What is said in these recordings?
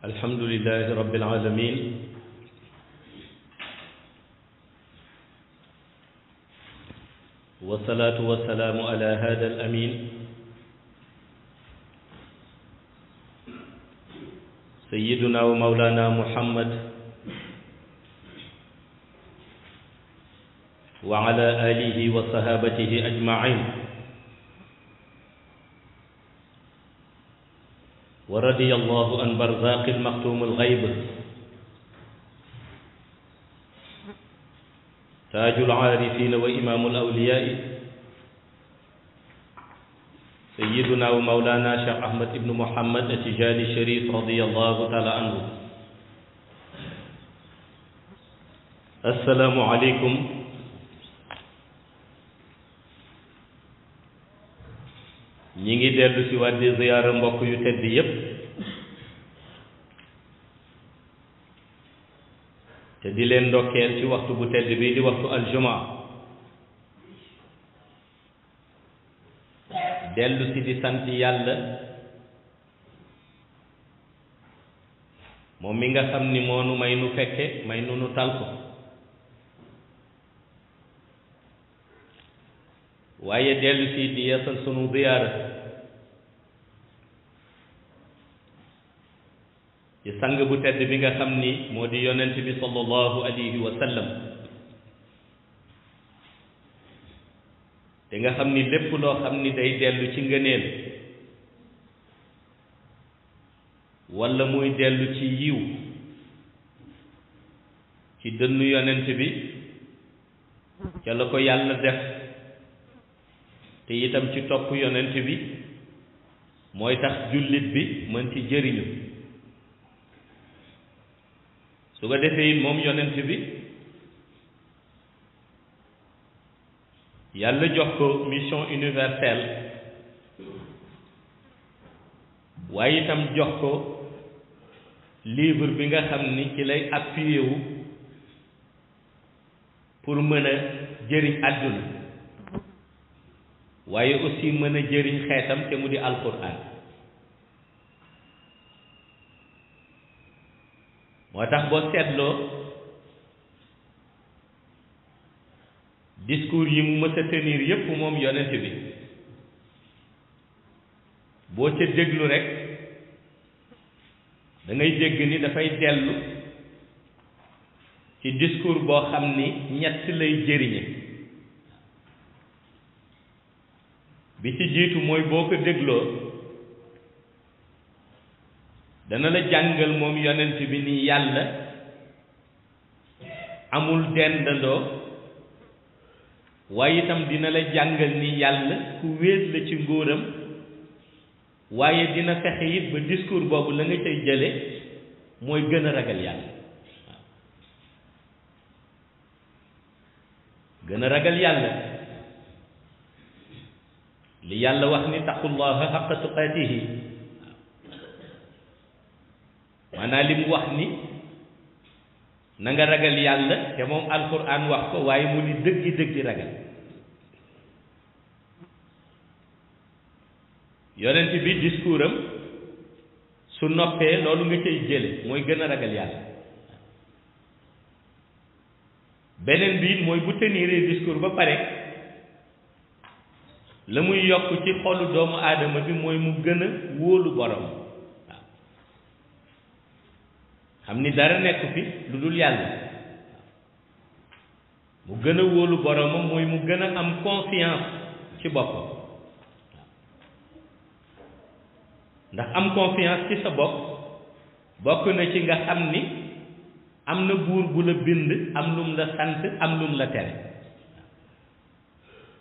alhamdulilahi rabbil alamin wasalaatu wasalaamu ala hada al amin sayiduna wa maulana muhammad wa ala alihi wa sahabatihi ajmain wa radiya allahu an barzaqi almaktum alxayb taaju alaarifina wa imaamu alawliyaai sayiduna wa mawlana cheikh ahmad ibnu muhammad atijani sharif radiya allahu taala anhu assalaamu aleykum ñi ngi dellu ci waat di ziyaara mbokk yu tedd yépp te di leen ndokkeel ci waxtu bu tedd bi di waxtu aljumaa dellu si di sant yàlla moom mi nga xam ni moonu may nu fekke may nu nu tal waaye dellu si di yeesal sunu ziyaara ci sang bu tedd bi nga xam ni moo di yonent bi sallallahu alayhi wa sallam te nga xam ni lépp loo xam ni day dellu ci ngëneel walla muy dellu ci yiw ci dënnu yonent bi ca la ko yàlla def te itam ci topp yonent bi mooy tax jullit bi mën ci jëriñu su ko defee moom yonent bi yàlla jox ko mission universelle waaye itam jox ko livre bi nga xam ni ci lay appuyé pour mën a jëriñ àdduna waaye aussi mën a jëriñ xeetam te mu di alquran moo tax boo seetloo discours yi mu mës a yépp moom yonent bi boo ca déglu rekk dangay ngay dégg ni dafay dellu ci discours boo xam ni ñett lay jëriñe bi ci jiitu mooy boo ko dégloo dana la jàngal moom yonent bi ni yàlla amul dendandoo waaye itam dina la jàngal ni yàlla ku wéet la ci nguuram waaye dina fexe it ba discours boobu la nga cay jële mooy gën a ragal yàlla gën a ragal yàlla li yàlla wax ni taqullaha xaqa tuqaatihi maanaam li mu wax ni nanga nga ragal yàlla te moom alquran wax ko waaye mu ni dëggi dëggi ragal yonent bi discours su noppee loolu nga cay jële mooy gën a ragal yàlla beneen bi mooy bu teniree ba pare la muy yokk ci xoolu doomu aadama bi mooy mu gën a wóolu borom am ni dara nekk fi lu dul yàlla mu gën a wóolu boromam mooy mu gën a am confiance ci boppam ndax am confiance ci sa bopp bokk na ci nga am ni am na buur bu la bind am lum la sant am lum la tere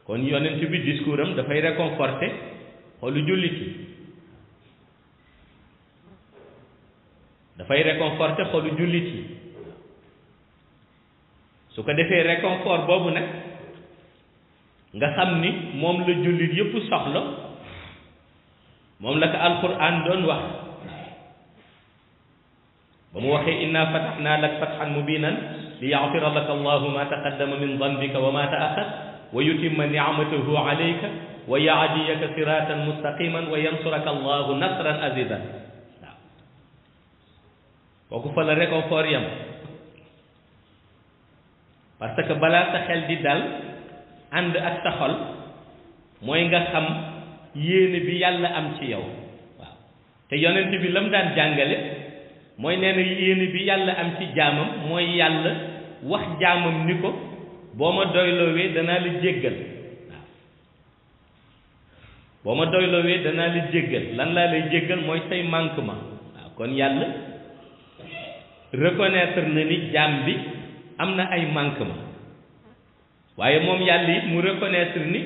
kon yonent bi discours dafay réconforter xoolu jullit yi dafay réconforter xolu jullit yi su ko defee réconfort boobu nag nga xam ni moom la jullit yépp soxla moom la ko alquran doon wax ba mu waxee inna fataxnaa lak fatxan mubinan li yaxfira laka allahu ma taqaddama min dambika wa ma taaxar wa yutimma nicmatahu alayka wa yahdiyaka siratan mustaqiman wa yansuraka allahu nasran azizan kooku fa la réconfort yam parce que balaa sa xel di dal ànd ak sa xol mooy nga xam yéene bi yàlla am ci yow waaw te yonent bi la mu daan jàngale mooy nee na bi yàlla am ci jaamam mooy yàlla wax jaamam ni ko boo ma doyloowee danaa la jéggal waaw boo ma doyloowee danaa la jéggal lan laa la jéggal mooy say manquement waaw kon yàlla reconnaître na ni jaam bi am na ay manquement waaye moom yàlla it mu reconnaître ni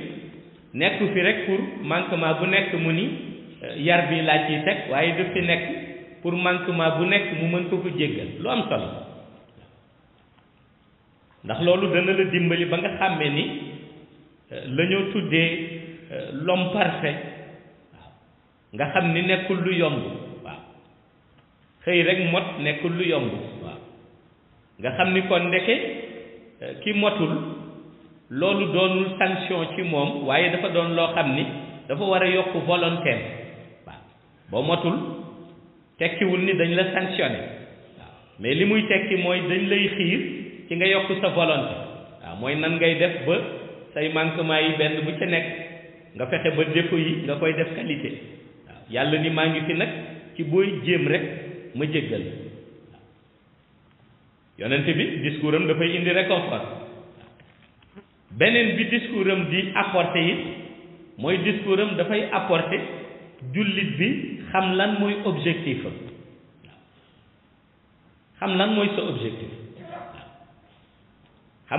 nekk fi rek pour manquement bu nekk mu ni eh, yar bi laaj yi teg waaye du fi nekk pour manquement bu nekk mu mën ko ko jéggal lu am solo ndax loolu dana la dimbali ba nga xàmme ni eh, la ñoo tuddee eh, l'homme parfait nga xam ni nekkul lu yomb xëy rek mot nekkul lu yomb waaw nga xam ni kon ndeke eh, ki motul loolu doonul sanction ci moom waaye dafa doon loo xam ni dafa war a yokk volontaire waaw boo motul tekkiwul ni dañ la sanctionné waaw mais li muy tekki mooy dañ lay xiir ci nga yokk sa volonté waaw mooy nan ngay def ba say manquement yi benn bu ca nekk nga fexe ba défaut yi nga koy def qualité waaw yàlla ni maa ngi nag ci booy jéem rek ma jéggal yonent bi discours am dafay indi réconfort beneen bi discours di apporter it mooy discours dafay apporter jullit bi xam lan mooy objectif xam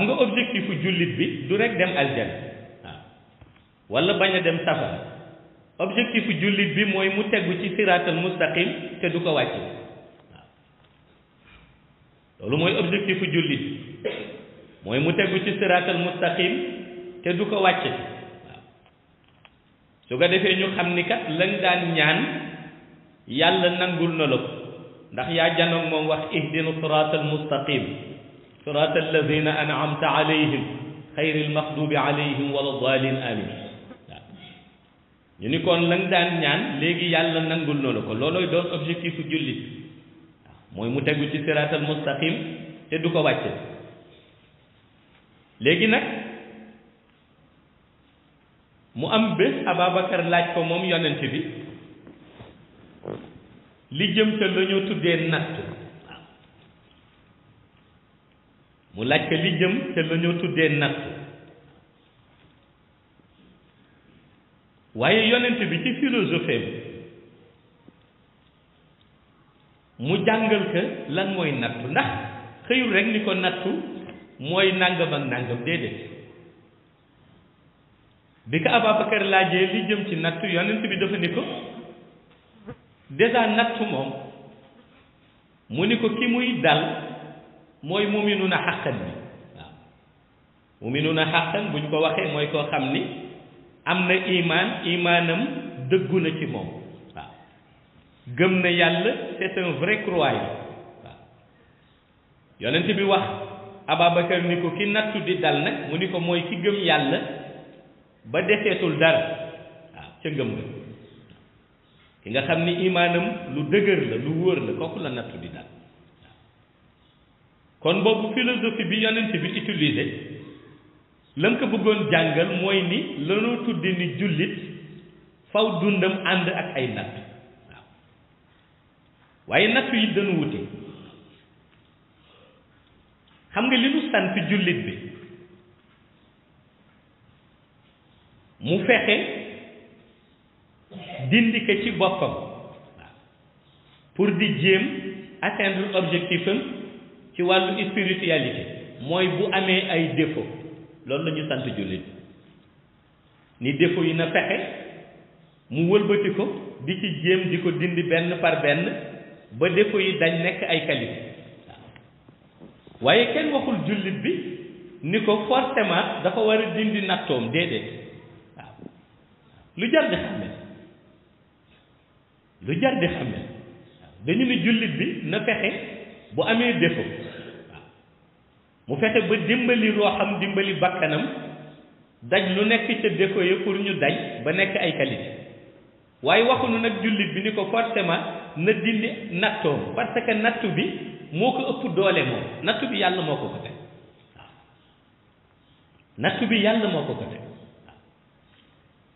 nga objectifu jullit bi du rek dem aljana waaw wala bañ a dem safara objectifu jullit bi mooy mu tegu ci siraatal mustaqim te du ko wàcce loolu mooy objectif u mooy mu tegu ci siraatal mustaqim te du ko wàcce waaw ko defee ñu xam ni kat lañ daan ñaan yàlla nangul na la ndax ya janoog moom wax ihdina siraatal mustaqim siraatal lazina an'amta alayhim xayril maxdubi alayhim wala daalin ni kon lañ daan ñaan léegi yàlla nangul na la ko loolooy doon objectif u mooy mu tegu ci siraatal mustaqim te du ko wàcce léegi nag mu am bés Ababacar laaj ko moom yonent bi li jëm ca la tuddee natt mu laaj ko li jëm ca la ñu tuddee natt waaye yonent bi ci philosophie mu jàngal ka lan mooy nattu ndax xëyul rek ni ko nattu mooy nàngam ak nàngam déedéet bi ko Ababacar laajee li jëm ci nattu yonent bi dafa ni ko dèjà nattu moom mu ni ko ki muy dal mooy muminuuna xàqan bi waaw muminuuna xàqan bu ñu ko waxee mooy koo xam ni am na imaan imaanam dëggu na ci moom gëm na yàlla c'est un vrai croyant waaw yonent bi wax Ababacar ni ko ki nattu di dal nag mu ni ko mooy ki gëm yàlla ba deseetul dara waaw ca ngëm nga ki nga xam ni imaanam lu dëgër la lu wóor la kooku la nattu di dal kon boobu philosophie bi yonent bi utilisé lam ko bëggoon jàngal mooy ni lanoo tuddi ni jullit faw dundam ànd ak ay natt waaye nattu yi dañu wute xam nga li nu sant jullit bi mu fexe dindi ko ci boppam pour di jéem atteindre objectif ci wàllu spiritualité mooy bu amee ay défaut loolu la ñu sant jullit ni défaut yi na fexe mu wëlbati ko di ci jéem di ko dindi benn par benn ba défaut yi dañ nekk ay qualité waaw waaye kenn waxul jullit bi ni ko forcément dafa war a dindi nattoom déedéet waaw lu jar di xàmme lu jar di xàmme waaw dañu ne jullit bi na fexe bu amee défaut waaw mu fexe ba dimbali rooxam dimbali bakkanam daj lu nekk ca défaut yi pour ñu daj ba nekk ay qualité waaye waxuñu nag jullit bi ni ko forcément. na dindi nattoom parce que nattu bi moo ko ëpp doole moom nattu bi yàlla moo ko ko nattu bi yàlla moo ko ko teg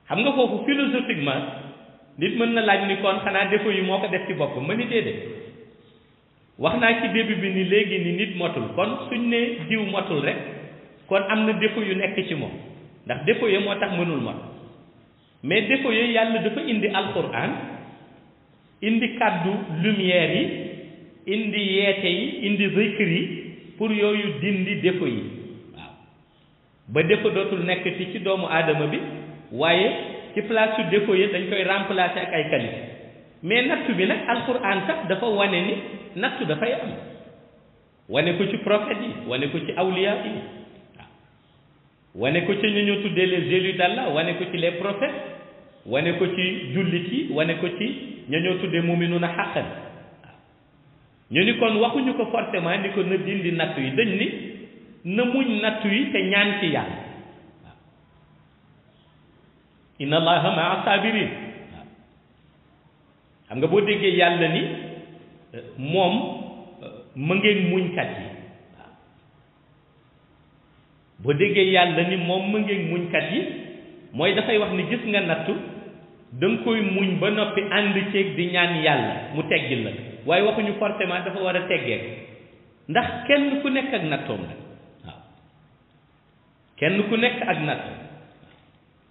xam nga foofu philosophiquement nit mën na laaj ni kon xanaa défaut yi moo ko def ci boppam ma ni déedéet wax naa ci début bi ni léegi ni nit motul kon suñ ne jiw motul rek kon am na défaut yu nekk ci moom ndax défaut yi moo tax mënul mot mais défaut yooyu yàlla dafa indi alquran indi kàddu lumière yi indi yeete yi indi zikr yi pour yooyu dindi défaut yi waaw ba défaut dootul nekkati ci doomu aadama bi waaye ci place su défaut yi dañ koy remplacer ak ay qualité mais nattu bi nag alquran sax dafa wane ni nattu dafay am wane ko ci prophètes yi wane ko ci awliya yi waaw wane ko ci ñu ñu tuddee les élus d'Allah wane ko ci les prophètes wane ko ci jullit yi wane ko ci ña ñoo tuddee muminuuna xàqan waaw ñu ni kon waxuñu ko forcément ni ko na dindi nattu yi dañ ni na muñ nattu yi te ñaan ci yàlla waaw inna allaha maa sabirin waaw xam nga boo déggee yàlla ni moom ma muñkat yi waaw boo déggee yàlla ni moom ma muñkat yi mooy dafay wax ni gis nga nattu da nga koy muñ ba noppi ànd ceeg di ñaan yàlla mu teggil la waaye waxuñu forcément dafa war a teggee ndax kenn ku nekk ak nattoom kenn ku nekk ak nattoom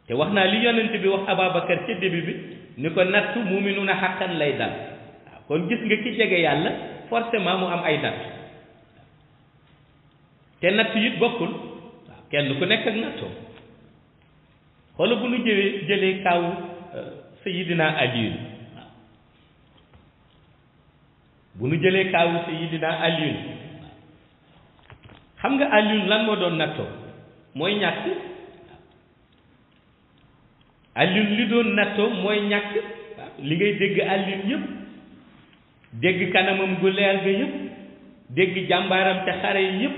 te wax naa li yonent bi wax Ababacar ca début bi ni ko natt muminuna xaqan lay dal waaw kon gis nga ki jege yàlla forcément mu am ay natt te natt it bokkul waaw kenn ku nekk ak nattoom xoola bu nu jëwee jëlee kaawu sayidina Aliyun waaw bu nu jëlee kaawu sayidina Aliyun xam nga Aliyun lan moo doon nattoo mooy ñàkk Aliyun li doon nattoo mooy ñàkk li ngay dégg Aliyun yëpp dégg kanamam gu leer ga yëpp dégg jàmbaaram ca xare yi yëpp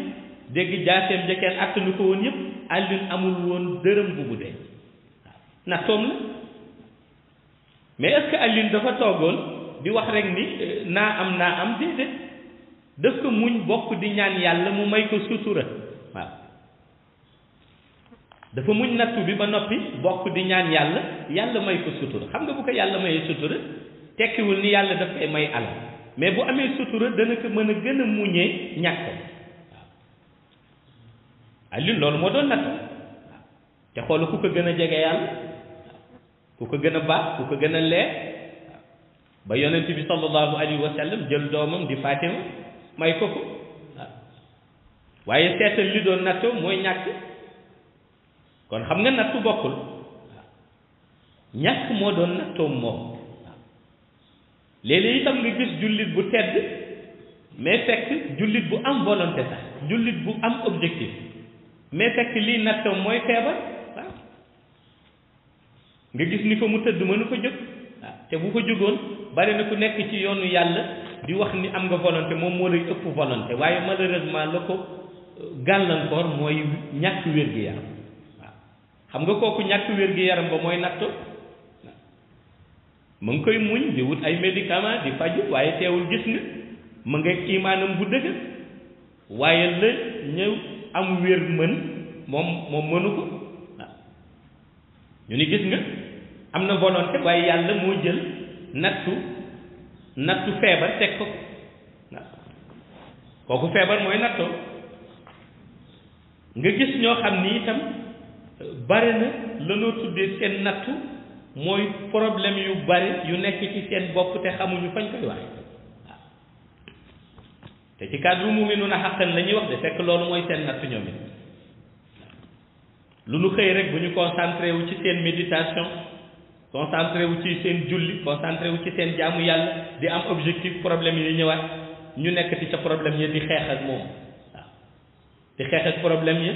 dégg jaaseem ja kenn attanu ko woon yëpp Aliyun amul woon dërëm bu mu denc nattoom la mais est-ce que dafa toogoon bi wax rek ni euh, naa am naa am déedéet daf ko muñ bokk di ñaan yàlla mu may ko sutura waaw dafa muñ nattu bi ba noppi bokk di ñaan yàlla yàlla may ko sutura xam nga bu ko yàlla mayee sutura tekkiwul ni yàlla daf koy may alal mais bu amee sutura dana mën a gën a muñee ñàkk waaw Alioune loolu moo doon natt te xoolu ku ko gën a jege yàlla ku ko gën a baax ku ko gën a leer ba yonent bi sallallahu alayhi wa jël doomam di Fatima may ko ko waaye seetal li doon nattoo mooy ñàkk kon xam nga nattu bokkul ñàkk moo doon nattoom moom léeg-léeg itam nga gis jullit bu tedd mais fekk jullit bu am volonté sax jullit bu am objectif mais fekk lii nattoom mooy feebar nga gis ni ko mu tëdd mënu ko jóg te bu ko jógoon bari na ku nekk ci yoonu yàlla di wax ni am nga volonté moom moo lay ëpp volonté waaye malheureusement la ko euh, gàllankoor mooy ñàkk wér-gi-yaram waaw xam nga kooku ñàkk wér-gi-yaram ba mooy nattu mu ngi koy muñ di wut ay médicament di faj waaye teewul gis nga mu ngeeg imaanam bu dëgër waaye la ñëw am wér mën moom moom mënu ko ñu ni gis nga am na volonté waaye yàlla moo jël nattu nattu feebar teg ko kooku feebar mooy nattoo nga gis ñoo xam ni itam bare na lanoo tuddee seen nattu mooy problème yu bari yu nekk ci seen bopp te xamuñu fañ koy waxe te ci cadre mu'minuna haqqan la ñuy wax de fekk loolu mooy seen nattu ñoom lu nu xëy rek bu ñu concentré wu ci seen méditation concentré wu ci seen julli concentré wu ci seen jaamu yàlla di am objectif problème yi ñëwaat ñu nekk ci sa problème ya di xeex ak moom waaw di xeex ak problème yi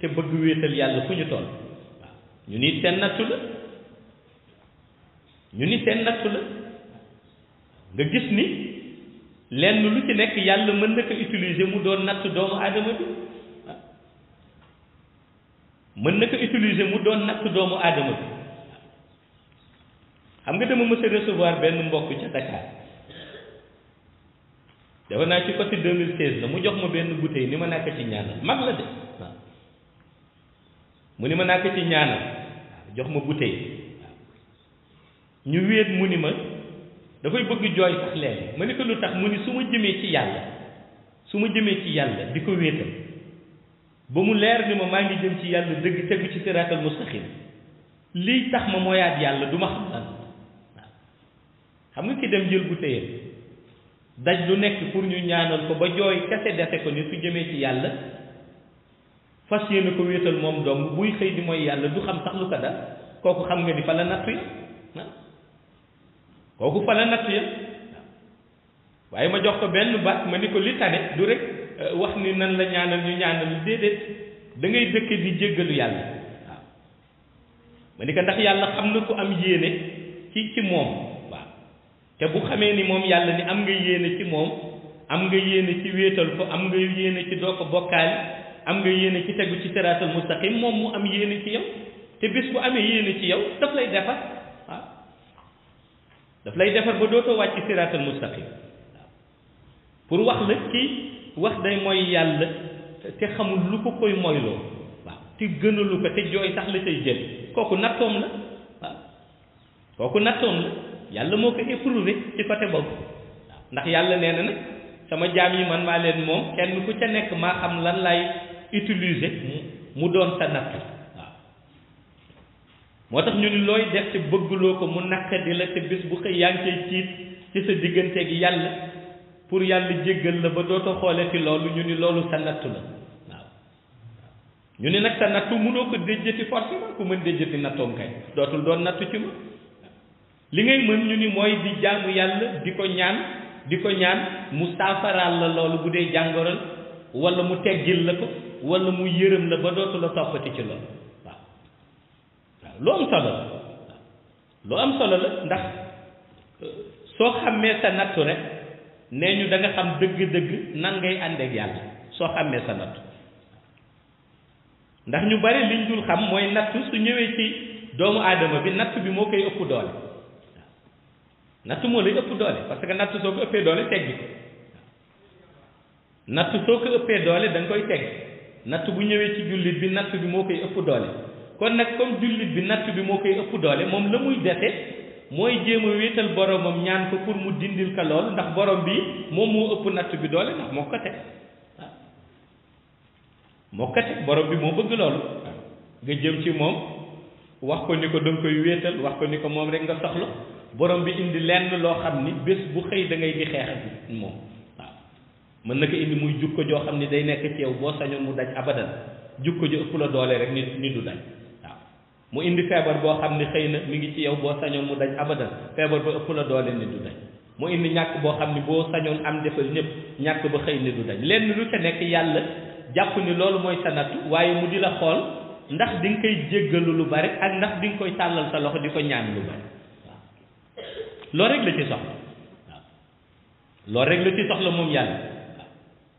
te bëgg wéetal yàlla fu ñu toll ñu ni seen nattu la ñu ni seen nattu la nga gis ni lenn lu ci nekk yàlla mën na ko utiliser mu doon nattu doomu aadama bi mën na ko utiliser mu doon nattu doomu aadama bi xam nga dama mës a recevoir benn mbokk ca Dakar dafa naa ci côté 2016 la mu jox ma benn bouteille ni ma nekk ci ñaanal mag la de ma nekk jox ma bouteille ñu wéet mu ni ma dafay bëgg jooy sax léegi ma ni ko lu tax mu ni su ma jëmee ci yàlla su ma jëmee ci yàlla di ko wéetal ba mu leer ni ma maa ngi jëm ci yàlla dëgg tegu ci siraatal mustaqim lii tax ma mooyaat yàlla du ma xam lan xam nga ki dem jël bu téye daj lu nekk pour ñu ñaanal ko ba jooy kese dese ko ni su jëmee ci yàlla fas yéene ko wéetal moom dong buy xëy di mooy yàlla du xam sax lu ko dal kooku xam nga ni fa la nattu ya kooku fa la nattu ya waaye ma jox ko benn baat ma ni ko li tane du rek euh, wax ni nan la ñaanal ñu ñaanal ñu déedéet da ngay di jéggalu yàlla ma ni ko ndax yàlla xam na ko am yéene ci ci moom te bu xamee ni moom yàlla ni am nga yéene ci moom am nga yéene ci wéetal ko am nga yéene ci doo ko bokkaal am nga yéene ci tegu ci siraatal mustaqim moom mu am yéene ci yow te bés bu amee yéene ci yow daf lay defar waaw daf lay defar ba dootoo wàcc siraatal mustaqim waaw pour wax la ci wax day mooy yàlla te xamul lu ko koy moyloo waaw te gënalu ko te jooy tax la cay jël kooku nattoom la kooku nattoom la yàlla moo ko éprouvé ci côté boobu waaw ndax yàlla nee na nag sama jaam yi man maa leen moom kenn ku ca nekk maa xam lan lay utiliser mu doon sa nattu waaw moo tax ñu ni looy def te bëgguloo ko mu naqadi la te bis bu xëy yaa ngi koy tiit ci sa diggante gi yàlla pour yàlla jéggal la ba dootoo xoolee ci loolu ñu ni loolu sa nattu la waaw ñu ni nag sa nattu mënoo ko déjjati forcément ku mën déjjati nattoom kay dootul doon nattu ci ma li ngay mën ñu ni mooy di jàngu yàlla di ko ñaan di ko ñaan mu saafaraal la loolu bu dee jàngoral walla mu teggil la ko walla mu yërëm la ba dootula la toppati ci loolu waaw lu am solo la lu am solo la ndax euh, soo xammee sa nattu rek nee ñu da xam dëgg-dëgg nan ngay àndeek yàlla soo xammee sa nattu ndax ñu bari liñ dul xam mooy nattu su ñëwee ci doomu aadama bi natt bi moo koy ëpp doole nattu moo lay ëpp doole parce que nattu soo ko ëppee doole teggi ko natt soo ko ëppee doole da koy tegg natt bu ñëwee ci jullit bi natt bi moo koy ëpp doole kon nag comme jullit bi natt bi moo koy ëpp doole moom la muy dese mooy jéem a wéetal boromam ñaan ko pour mu dindil ka lool ndax borom bii moom moo ëpp nattu bi doole ndax moo ko teg waaw borom bi moo bëgg loolu nga jëm ci moom wax ko ni ko danga koy wéetal wax ko ni ko moom rek nga soxla borom bi indi lenn loo xam ni bés bu xëy da ngay di xeex ak moom waaw mën na ko indi muy jukko joo xam ni day nekk ci yow boo sañoon mu daj abadan jukko ji ëpp la doole rek nit nit du daj mu indi feebar boo xam ni xëy na mi yow boo sañoon mu daj abadan feebar ba ëpp la doole nit indi ñàkk boo xam ni boo sañoon am defal ñëpp ñàkk ba xëy nit du daj lenn lu ca nekk yàlla jàpp ni loolu mooy sa nattu waaye mu di la xool ndax di nga koy jéggalu lu bari ak ndax di nga koy tàllal sa loxo di ko ñaan lu bari loolu rek la ci soxla loolu rek la ci soxla moom yàlla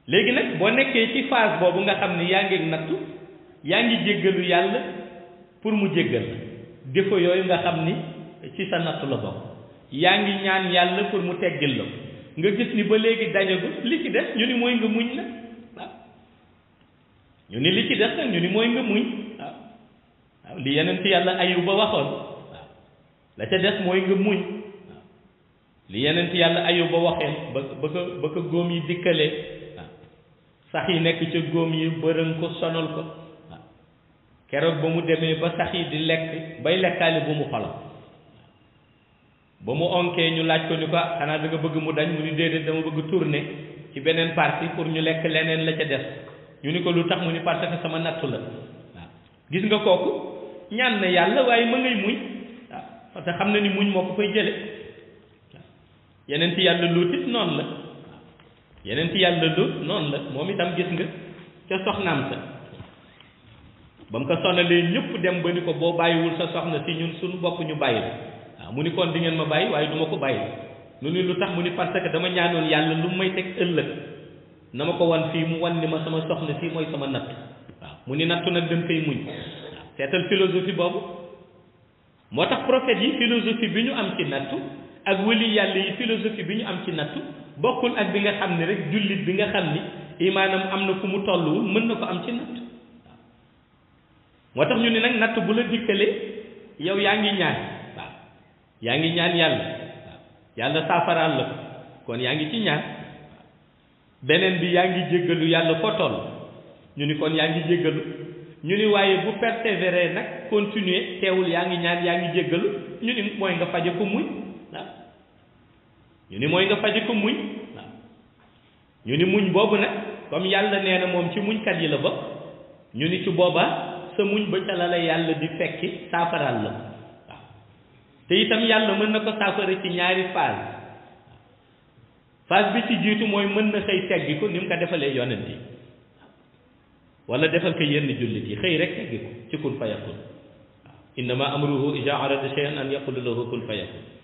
léegi nag boo nekkee ci phase boobu nga xam ni yaa ngi nattu yaa ngi jéggalu yàlla pour mu jéggal la défaut yooyu nga xam ni ci sa nattu la bokk yaa ngi ñaan yàlla pour mu teggil la nga gis ni ba léegi dajagu li ci des ñu ni mooy nga muñ la ñu ni li ci des nag ñu ni mooy nga muñ waaw li yeneen ci yàlla ayub ba waxoon waaw la ca des mooy nga muñ li yeneen ci yàlla ayub ba waxee ba ba ko ba ko góom yi dikkalee waaw sax yi nekk ca góom yi bërën ko sonal ko waaw keroog ba mu demee ba sax yi di lekk bay lekkaale bu mu xolam ba mu onkee ñu laaj ko ni ko ah, xanaa da bëgg mu dañ mu ni déedéet dama bëgg tourner ci beneen partie pour ñu lekk leneen la ca des ñu ni ko lu tax mu ni parce que sama nattu la waaw gis nga kooku ñaan na yàlla waaye ma ngay muñ waaw parce xam na ni muñ moo ko koy jële yeneen ci yàlla luut it noonu la yeneen ci yàlla luut noonu la moom itam gis nga ca soxnaam sa ba mu ko sonalee ñëpp dem ba ni ko boo bàyyiwul sa soxna si ñun sunu bopp ñu bàyyi la waaw mu ni kon di ngeen ma bàyyi waaye duma ko bàyyi lu ni lu tax mu ni parce que dama ñaanoon yàlla lu may teg ëllëg na ma ko wan fii mu wan ni ma sama soxna si mooy sama natt waaw mu ni nattu nag dañ koy muñ waaw seetal philosophie boobu moo tax prophète yi philosophie bi ñu am ci nattu ak wëli yàlla yi philosophie bi ñu am ci nattu bokkul ak bi nga xam ne rek jullit bi nga xam ni imaanam am na fu mu tolluwul mën na ko am ci natt moo tax ñu ni nag natt bu la dikkalee yow yaa ngi ñaan yaa ngi ñaan yàlla waaw yàlla saafaraal la ko kon yaa ngi ci ñaan beneen bi yaa ngi jéggalu yàlla foo toll ñu ni kon yaa ngi jéggalu ñu ni waaye bu persévérer nag continuer teewul yaa ngi ñaan yaa ngi jéggalu ñu ni mooy nga faje ko muy ñu ni mooy nga faje ko muñ waaw ñu ni muñ boobu nag comme yàlla nee na moom ci muñkat yi la bokk ñu ni ci boobaa sa muñ ba ca la la yàlla di fekki saafaraal la waaw te itam yàlla mën na ko saafara ci ñaari phase phase bi ci jiitu mooy mën na xëy teggi ko ni mu ko defalee yonent yi wala defal ko yenn jullit yi xëy rek teggi ko ci kun fa yakun waaw innama amruhu ija arada shay'an an yaqulu lahu kun fa yakun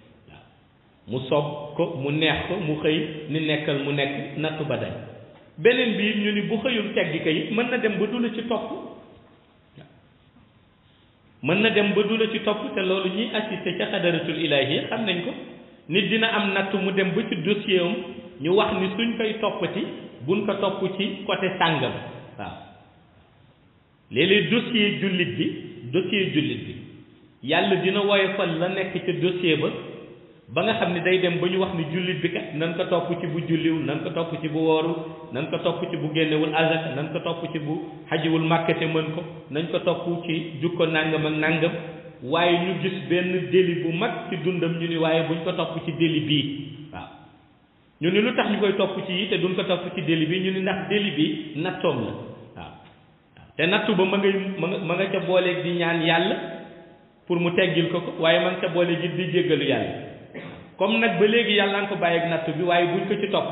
mu soog ko mu neex ko mu xëy ni nekkal mu nekk natt ba dañ beneen bi ñu ni bu xëyul teggi ko mën na dem ba dula ci topp mën na dem ba dula la ci topp te loolu ñuy assisté ca xadaratul ilaahi xam nañ ko nit dina am natt mu dem ba ci dossier ñu wax ni suñ koy toppati buñ ko topp ci côté sàngam waaw léeg-léeg dossier jullit bi dossier jullit bi yàlla dina woyofal la nekk ca dossier ba ba nga xam ne day dem ba ñu wax ni jullit bi kat nan ko topp ci bu julliw nan ko topp ci bu wooru nan ko topp ci bu génnewul azaka nan ko topp ci bu xajiwul màkkate mën ko nañ ko topp ci jukko nàngam ak nàngam waaye ñu gis benn déli bu mag ci dundam ñu ni waaye buñ ko topp ci déli bii waaw ñu ni lu tax ñu koy topp ci yi te duñ ko topp ci déli bii ñu ni ndax déli bi nattoom la waaw te nattu ba ma ngay ma nga ma nga ca booleeg di ñaan yàlla pour mu teggil ko waaye ma nga ca booleeg di jéggalu comme nag ba léegi yàlla nga ko bàyyeeg natt bi waaye buñ ko ci topp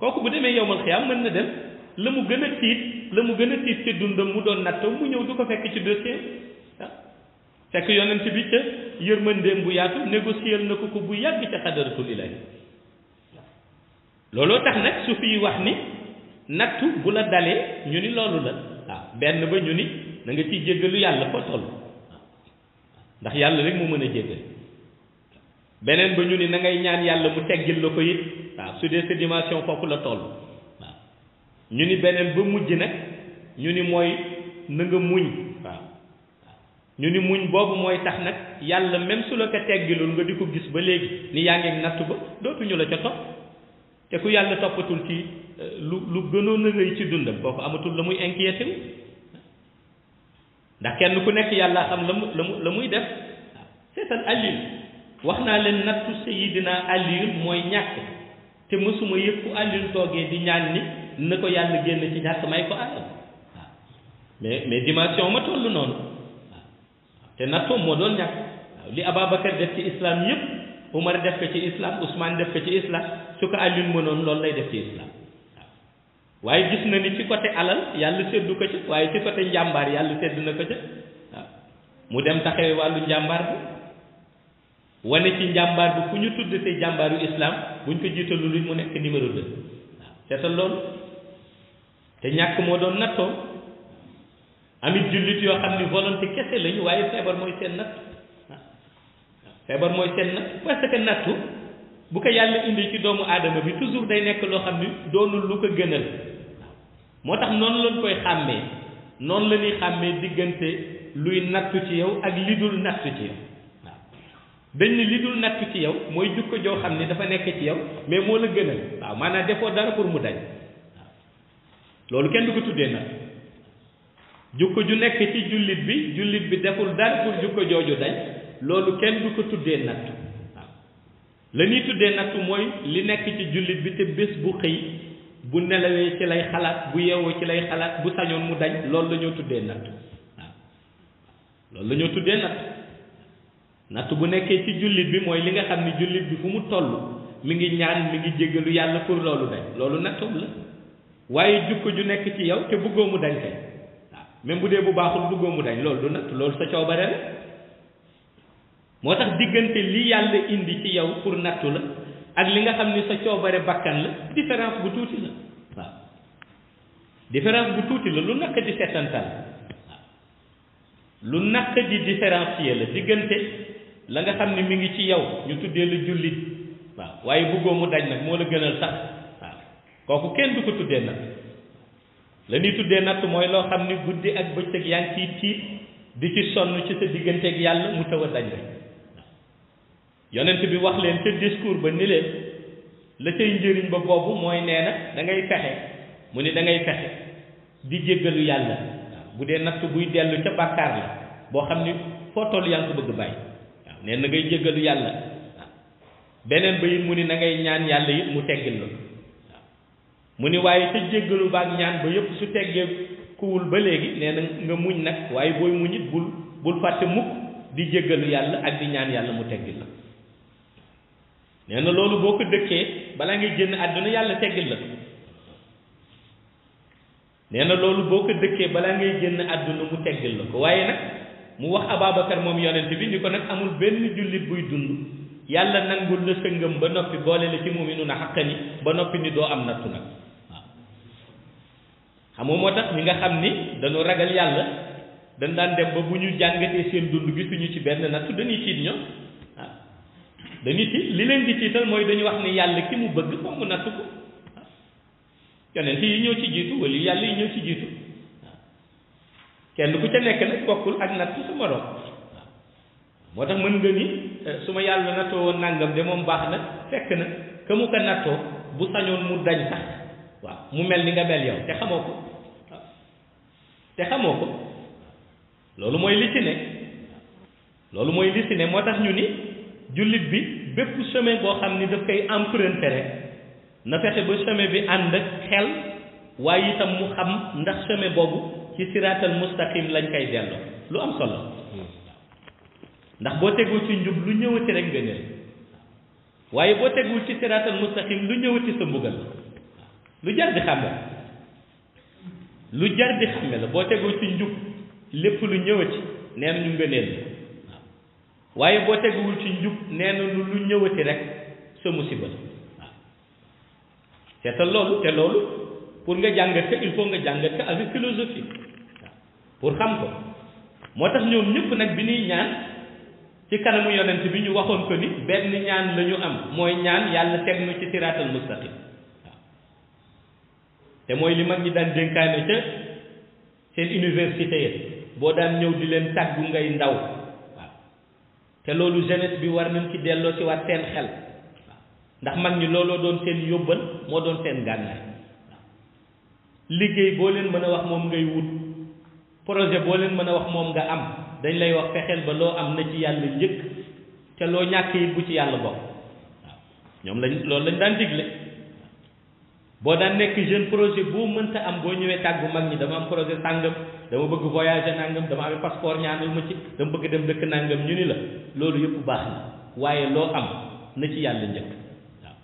kooku bu demee yowmal xiyaam mën na dem la mu gën a tiit la mu gën a tiit ci dundam mu doon natt mu ñëw du ko fekk ci dossier ah. fekk yonent bi ca yërmandeem bu yaatu négocier na ko bu yàgg ca xadaratul ilahi looloo tax nag su fi wax ni nattu bu la dalee ñu ni loolu la waaw benn ba ñu ni na nga ciy jéggalu yàlla ko toll ndax yàlla rek mu mën a jéggal beneen ba ñu ni na ngay ñaan yàlla mu teggil la ko it waaw su dee sa dimension foofu la toll waaw ñu ni beneen ba mujj nag ñu ni mooy na nga muñ waaw ñu ni muñ boobu mooy tax nag yàlla même su la ko teggiloon nga di ko gis ba léegi ni yaa ngi natt ba dootuñu la ca topp te ku yàlla toppatul ci euh, lu lu gënoon a rëy ci dundam kooku amatul la muy inquiété ndax kenn ku nekk yàlla am la mu la mu la muy def waaw c'est un wax naa leen nattu sayidina Aliyu mooy ñàkk te mësuma yëpp fu Aliyu toogee di ñaan ni na ko yàlla génn ci ñàkk may ko Aadama waaw mais mais dimension ma toll noonu waaw te nattoom moo doon ñàkk waaw li Ababacar def ci islam yëpp Umar def ko ci islam Ousmane def ko ci islam su ko Aliyu mënoon loolu lay def ci islam waaw waaye gis na ni ci côté alal yàlla seddu ko ca waaye ci côté njàmbaar yàlla sedd na ko ca waaw mu dem taxawee wàllu njàmbaar bi. wane ci njàmbaar bi ku ñu tudd tey jàmbaaru islam buñ ko jiitalu luñ mu nekk numéro deux waaw seetal loolu te ñàkk moo doon nattoo amit jullit yoo xam ni volonté kese lañu waaye feebar mooy seen natt feebar mooy seen natt parce que nattu bu ko yàlla indi ci doomu aadama bi toujours day nekk loo xam ni doonul lu ko gënal moo tax noonu lañ koy xàmmee noonu la ñuy xàmmee diggante luy nattu ci yow ak li dul nattu ci dañ ne li dul nattu ci yow mooy jukko joo xam ne dafa nekk ci yow mais moo la gënal waaw maanaam defoo dara pour mu dañ waaw loolu kenn du ko tuddee nag jukko ju nekk ci jullit bi jullit bi deful dara pour jukko jooju dañ loolu kenn du ko tuddee nattu waaw la tuddee nattu mooy li nekk ci jullit bi te bés bu xëy bu nelawee ci lay xalaat bu yeewoo ci lay xalaat bu sañoon mu dañ loolu la ñoo tuddee nattu waaw loolu lañoo tuddee nattu natt bu nekkee ci jullit bi mooy li nga xam ni jullit bi fu mu toll mi ngi ñaan mi ngi lu yàlla pour loolu dañ loolu nattoom la waaye jukko ju nekk ci yow te bëggoo mu dañ kay waaw même bu dee bu baaxul bëggoo mu dañ loolu du natt loolu sa coobare la moo tax diggante li yàlla indi ci yow pour nattu la ak li nga xam ni sa coobare bakkan la différence bu tuuti la waaw différence bu tuuti la lu nakk di setantal waaw lu nakk di différencier la diggante la nga xam ne mu ngi ci yow ñu tuddee la jullit waaw waaye bëggoo mu daj nag moo la gënal sax waaw kooku kenn du ko tuddee natt la ñuy tuddee nag mooy loo xam ne guddi ak bëccëg yaa ngi ciy tiit di ci sonn ci sa digganteeg yàlla mu taw a daj yonent bi wax leen ca discours ba ni leen la cay njëriñ ba boobu mooy nee na dangay ngay mu ni dangay ngay fexe di jéggalu yàlla waaw bu dee buy dellu ca bàkkaar la boo xam ni foo toll yaa ngi ko bëgg bàyyi nee na ngay jéggalu yàlla beneen ba it mu ni na ngay ñaan yàlla it mu teggil la mu ni waaye ca jéggalu baag ñaan ba yëpp su teggee kuwul ba léegi nee na nga muñ nag waaye booy muñ it bul bul fàtte mukk di jéggalu yàlla ak di ñaan yàlla mu teggil la nee na loolu boo ko dëkkee balaa ngay génn àdduna yàlla teggil la nee na loolu boo ko dëkkee balaa ngay génn àdduna mu teggil la ko waaye nag mu wax Ababacar moom yonent bi ni ko nag amul benn jullit buy dund yàlla nangul la sa ngëm ba noppi boole la ci muminu na xaqani ba noppi ni doo am nattu nag waaw moo tax ñi nga xam ni dañu ragal yàlla dañ daan dem ba bu ñu jàngatee seen dund gisuñu ci benn nattu dañuy tiit ñoom waaw tiit li leen di tiital mooy dañu wax ni yàlla ki mu bëgg foog mu nattu ko yonent yi ñëw ci jiitu wala yàlla yi ñëw ci jiitu kenn ku ca nekk nag bokkul ak natt sa morom moo tax mën nga ni eh, su ma yàlla nattoo woon nangam de moom baax na fekk na ka mu ko nattoo bu sañoon mu dañ sax waaw mu mel ni nga mel yow te xamoo ko te xamoo ko loolu mooy li loolu mooy li moo tax ñu ni jullit bi bépp chemin boo xam ni daf koy emprunté rek na fexe ba chemin bi ànd xel waaye itam mu xam ndax chemin boobu ci siraatal mustaqim lañ koy delloo lu am solo ndax boo tegul ci njub lu ñëwati rek nga neel waaye boo tegul ci siraatal mustaqim lu ñëwati sa mbugal lu jar di xàmme lu jar di xàmme la boo tegul ci njub lépp lu ñëwati nee nañu nga neel waaye boo teguwul ci njub nee na lu lu ñëwati rek sa musiba la waaw seetal loolu te loolu pour nga jàngat ko il faut nga jàngat ko avec philosophie pour xam ko moo tax ñoom ñëpp nag bi ñuy ñaan ci kanamu yonent bi ñu waxoon ko ni benn ñaan lañu am mooy ñaan yàlla teg nu ci siraatal mustaqim te mooy li mag ñi daan dénkaane ca seen université yi boo daan ñëw di leen tàggu ngay ndaw te loolu jeunesse bi war nañ ci delloo ci waat seen xel ndax mag ñi looloo doon seen yóbbal moo doon seen gànnaay liggéey boo leen mën a wax moom ngay wut projet boo leen mën a wax moom nga am dañ lay wax fexeel ba loo am na ci yàlla njëkk te loo ñàkk yi bu ci yàlla bokk waaw ñoom lañ loolu lañ daan digle boo daan nekk jeune projet boo mënta am boo ñëwee tàggu mag ñi dama am projet sàngam dama bëgg voyager nangam dama amee passeport ñaanal ma ci dama bëgg dem dëkk nàngam ñu ni la loolu yëpp baax na waaye loo am na ci yàlla njëkk waaw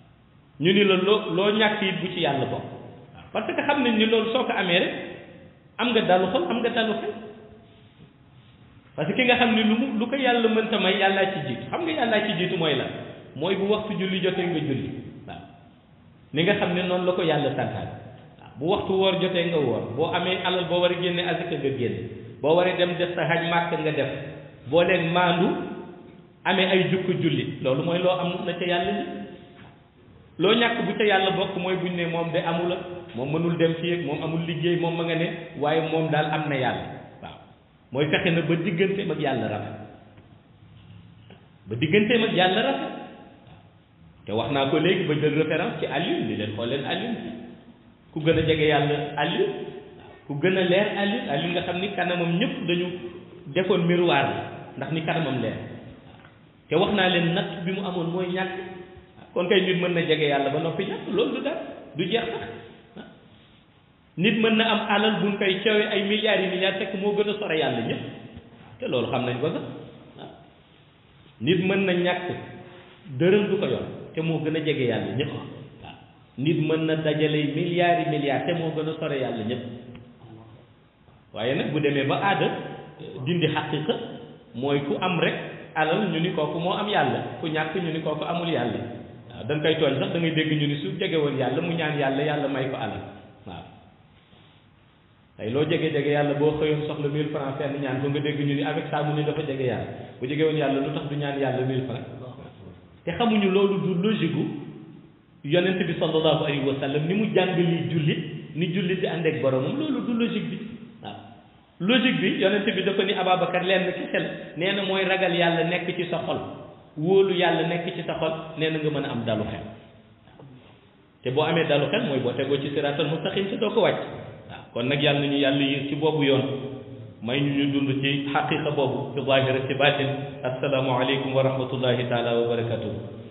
ñu ni la loo loo ñàkk yi bu ci yàlla bokk waaw parce que xam nañ am nga dalu xol am nga dalu xel parce que nga xam ne lu mu lu ko yàlla mënta may yàllaa ci jiitu xam nga yàllaa ci jiitu mooy la mooy bu waxtu julli jotee nga julli waaw ni nga xam ne noonu la ko yàlla santaan waaw bu waxtu woor jotee nga woor boo amee alal boo war a génne azaka nga génne boo waree dem def sa xaj màkk nga def boo leen maandu amee ay jukk julli loolu mooy loo am na ca yàlla li loo ñàkk bu ca yàlla bokk mooy buñ ne moom de amula moom mënul dem fii ak moom amul liggéey moom ma nga ne waaye moom daal am na yàlla waaw mooy fexe na ba diggante ak yàlla rafet ba diggantee ak yàlla rafet te wax naa ko léegi ba jël référence ci Alioune li leen xool leen Alioune ku gën a jege yàlla Alioune gën a leer Alioune nga xam ni kanamam ñépp dañu defoon miroir la ndax ni kanamam leer te wax naa leen natt bi mu amoon mooy ñàkk. kon kay nit mën na jege yàlla ba noppi ñàkk loolu du dara du jeex sax ah. nit mën na am alal buñ koy cawe ay milliards yi milliards moo gën a sore te loolu xam nañ ko sax ah. mën na ñàkk dërëm du moo gën a jege yàlla ñëpp ah. nit mën na dajale milliards yi te moo gën a sore yàlla ñëpp waaye nag bu demee ba aada eh, dindi xaqiqa mooy ku am rek alal ñu ni kooku moo am yàlla ku ñàkk ñu ni kooku amul yàlla waaw dañ koy tooñ sax da dégg ñu ni su jege woon yàlla mu ñaan yàlla yàlla may ko alal waaw tey loo jege-jege yàlla boo xëyoon soxla mille francs fenn ñaan ko nga dégg ñu ni avec ça mu ni dafa jege yàlla bu jege yàlla lu tax du ñaan yàlla mille francs te xamuñu loolu du logique gu yonent bi sallallahu alayhi wa ni mu jàngali jullit ni jullit di ànd ak boromam loolu du logique bi waaw logique bi yonent bi dafa ni Ababacar lenn nee na mooy ragal yàlla nekk ci sa xol wóolu yàlla nekk ci sa xol nee na nga mën a am dalu xel te boo amee dalu xel mooy boo tegoo ci siraatal mustaqim te doo ko wàcc waaw kon nag yàlla nañu yàlla yi ci boobu yoon may ñu ñu dund ci xaqiqa boobu ci zaahir ci baatin assalaamu aleykum wa rahmatullahi taala wa barakatuh